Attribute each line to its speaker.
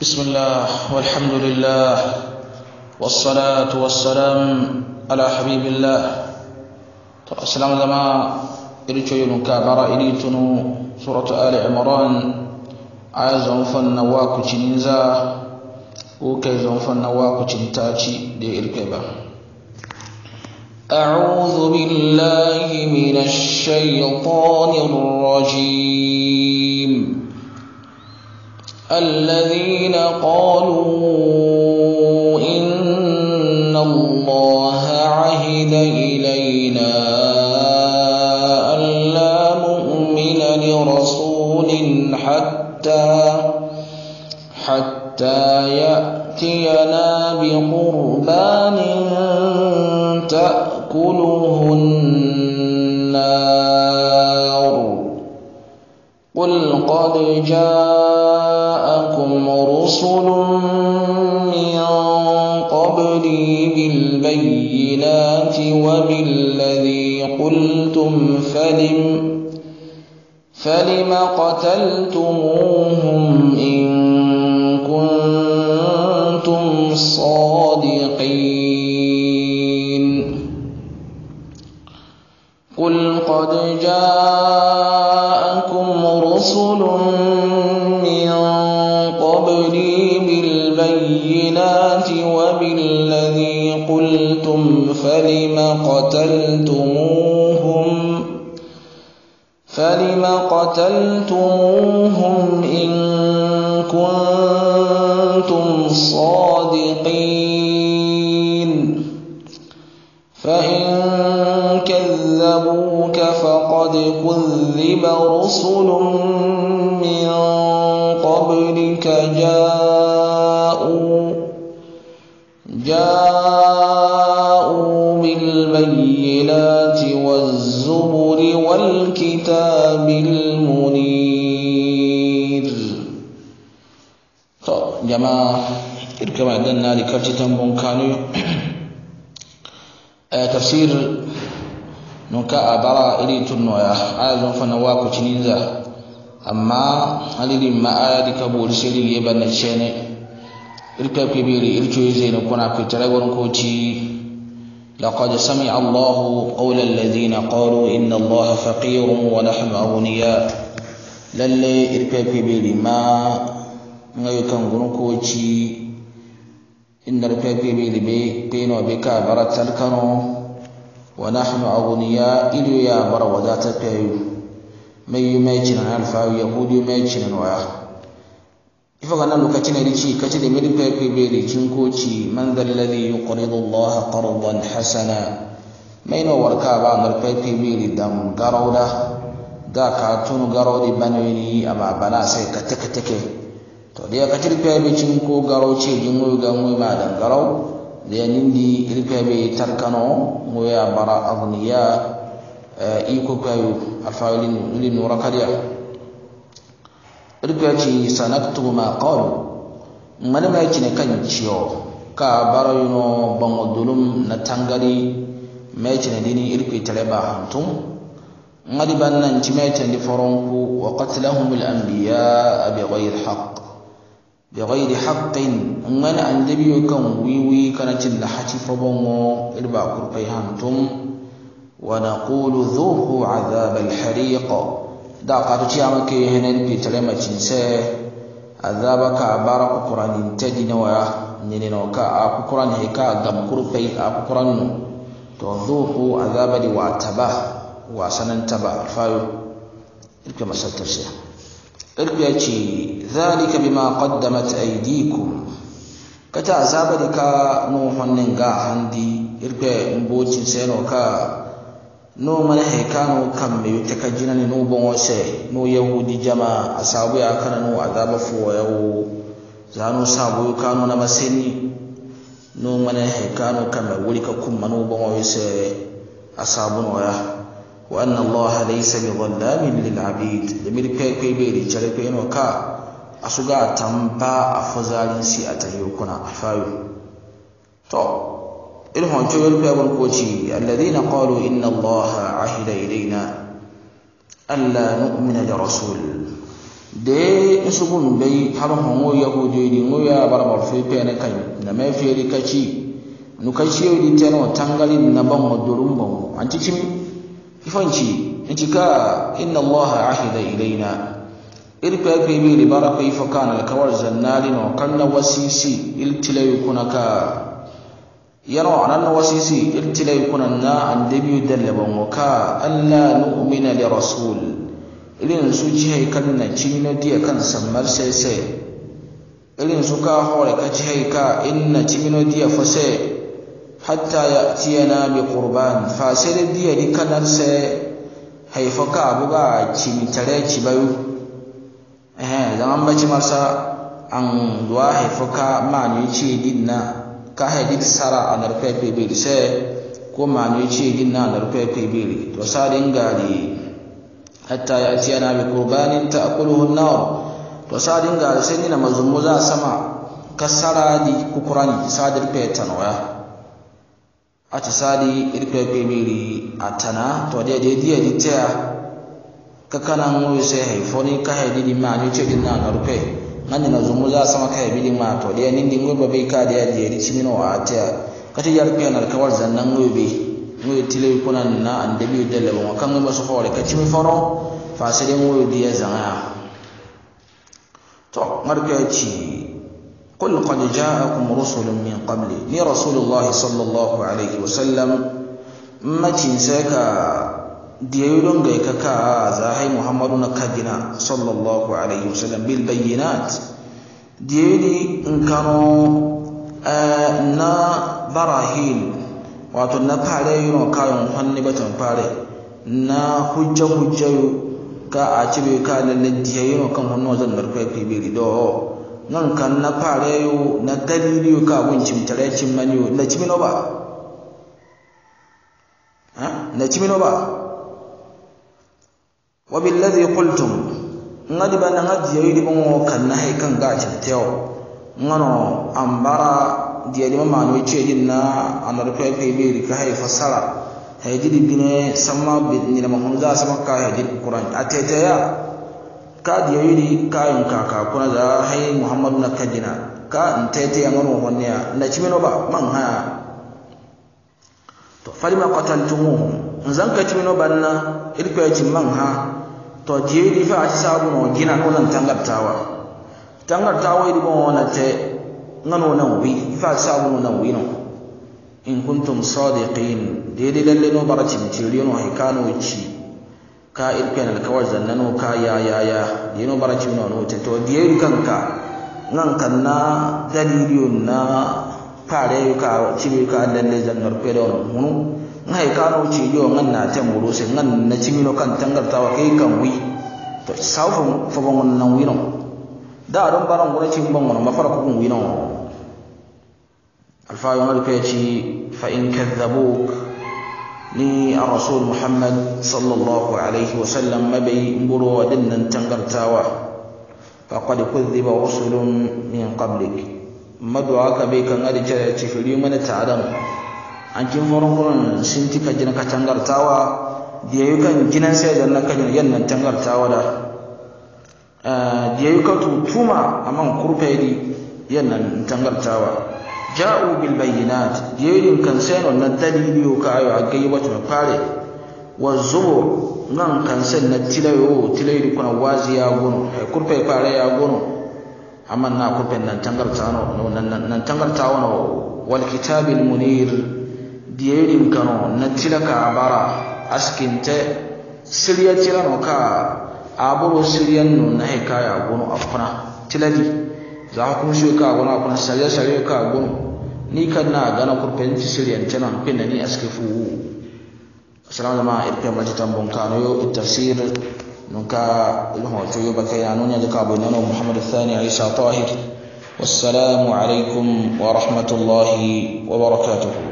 Speaker 1: بسم الله والحمد لله والصلاة والسلام على حبيب الله السلام لما إليتو يلوكا برا إليتنو سورة آل عمران عايز أنفن نواكو تنينزا وكيز أنفن نواكو تنتاتي دي الكبا أعوذ بالله من الشيطان الرجيم الذين قالوا إن الله عهد إلينا ألا نؤمن لرسول حتى حتى يأتينا بقربان تأكله النار قل قد جاء جاءتكم رسل من قبلي بالبينات وبالذي قلتم فلم فلم قتلتموهم إن كنتم صادقين قل قد جاءكم رسل فلم قتلتموهم فلم قتلتموهم إن كنتم صادقين فإن كذبوك فقد كذب رسل من قبلك جاءوا جاءوا بالبينات والزبر والكتاب المنير طب جماعة كما عندنا لكرتة بنكانو تفسير نكا أبرا إلي تنويا آية فنواكو تنينزا أما halili ma'aya di kabul siri ye banna chene irka kibiri ircho yeze no kona fitara gon لقد سمع الله قول الذين قالوا إن الله فقير ونحن أغنياء lalle irpepe beri ma ngayo kan gurun koci inda irpepe beri be peno be ka baratal kano wa nahnu aghniya ilu ya bara wadata kayu mai yumai cinan alfa yahudi yumai cinan waya nan da mirin kai kai bai da cinkoci man tha ladhi yuqridu Allah qardan hasana mayno warka ba ngar pepeɓeri dan garauda da ka tunu bane banoyni amma bana sai ka take take to deya kaciri peɓe cinko garau ce ga mu ma dan garaw di nindi kai peɓe tarkano mu ya bara agniya eh, iko kayu alfawilin wilinura kadiya irka ci sanaktubu ma qalu mana mai ci ne kan ciyo ka baro yuno bango dulum na tangari mai ci ne dini irka tare ba hantum ngadi bannan ci mai ci ndi foronku wa qatlahum al anbiya bi ghayr haqq bi ghayr haqqin mana annabiyo kan wiwi kana cin da haci fobongo irba kurfai hantum ونقول ذوقوا عذاب الحريق da qatuci amake henen pitare machinse azabaka baraka qur'anin tadina wa ninino ka akukuran heka gamkuru pay akukuran no to dhuku azabadi wa taba wa sanan taba fayo irke masal tafsir irke yace zalika bima qaddamat ku kata da ka no ga handi irke mbocin na ka no mana hekano kamme yote kajinani no bongose no yahudi jama asabu ya kana no azaba fuwa yawo zanu sabu kanu na maseni no mana hekano me wuri ka kuma no bongose asabu no ya wa anna allah laysa bi dhallamin lil abid da mir kai kai be ri chare kai no ka asuga tamba afazalin si atayo kuna afayo to إلهم تقول باب القوتي الذين قالوا إن الله عهد إلينا ألا نؤمن لرسول دي نسبون بي حرهم هو يهودي ويا بربر في بين كي نما في ركشي نكشي ودي تنو تنقل نبام ودرم أنت كم يفنشي أنت كا إن الله عهد إلينا إلبي أبي بي لبرقي فكان الكوار زنالين وكان وسيسي إلتلا يكون كا yaro anan na wasisi irtila yukunan na an dabiyu dallaban waka Allah nu'mina li rasul irin su ji haikan na cino diya kan samar sai sai irin su ka hore ka ji haika na cino diya fa sai hatta ya na bi qurban fa sai da diya ni kanar sai haifa ka abu ga cimitare ci bayu eh zaman baci masa an duwa haifa ka ma ni ce dinna kahe dit sara a narfe biri se ko ma ne ce din na narfe pepe to sa sadin gari hatta ya ci yana bi ta ta'kuluhu an-nar to sadin gari sai ni na mazummu za sama kasara di kukurani sadir petan waya ati sadi irpe pebiri atana to de de de ditea kakana ngwe se haifoni kahe di ma ne ce din na narfe nani nazungumza sama kai bili mato dia nindi ngwe babe ka dia dia chimino atia kati yar pia na kawal zanna ngwe be ngwe tile ko nan na ande bi dele ba kan ngwe maso fore ka chimi foro fa sele ngwe dia zanga to ngar pia chi قل قد جاءكم رسل من قبلي لرسول الله صلى الله عليه وسلم ما تنساك diyayu don gai kaka ka za hai muhammadu na kadina sallallahu alaihi wasallam bil bayyinat diyayu di in kano eh, na barahil wato na fare yi no kayan hannu batun fare na hujja hujja ka a ci bai ka lalle diyayu no kan hannu wajen narkwai fibiri do nan kan na fare yi na dalili ka abin cimtare cimmani na cimino ba na cimino ba wa billadhi qultum ngadi bana ngadi bon bongo kanna hay kan ga ceteo ngano ambara di ali mama no ce din na anar kai kai bi ka hay fasara hay jidi bine samma bi ni ma hon za sama ka hay jidi qur'an atete ya ka diya yoyidi kayan kaka kuna da hay muhammadu na kadina ka ntete ya ngano ya na chimeno ba man ha to falima qataltumuhum nzanka chimeno banna ilko ya man ha to je fa ci jeeri fe ati saabuno jina nolan tangartawa tangartawa yiɗi ɓon wonate nano nan wi ife ati na nan no in kuntum sadiqin deedei le no bara no hay kanu ci ka irken nan zannano ka ya ya ya, yayaya no bara ci no te to diyeri kanka nan kan na dalilun na fare ka cibi ka lalle zannar kwedo no ngai kano chi yo ngan na te muru se ngan na ci mino kan wa kai kan wi to saw fo fa ban wannan wi no da don gure chi bon ngon ma fara ku wi no alfa yo ngal kai chi fa in kadhabuk ni ar-rasul muhammad sallallahu alaihi wasallam ma bai muru wa din mabai mburo wadannan tangartawa faqad kudhiba rusulun min qablik madu'a ka bai kan ari ce ci firi mana taron an kin farin gurin sun tika jina ka tangartawa da yayyukan ginan sai da na yan nan tangartawa da da yayyuka tutuma aman yan nan tangartawa ja'u bil bayyinat yayin kan sai wannan dalili yo ka ayo gayi wata fare wa zubu nan kan sai na tilayo oh, tilayi kuna wazi ya gono eh, kurfai fare ya gono amma na kurfe nan tangartawa nan tangartawa wal kitabil munir diyelim kano na tila ka abara askinte siriya tila no ka aburo siriyan no na he kaya gono afuna tila di za ku shi ka gono afuna sariya sariya ka gono ni kan na gana kurpen ti siriyan tana pinna ni aske fu assalamu alaikum irpe majitan bonkano yo tafsir نكا لهم تويو بكيانون يدكا بنانو محمد الثاني عيسى طاهر والسلام عليكم ورحمة الله وبركاته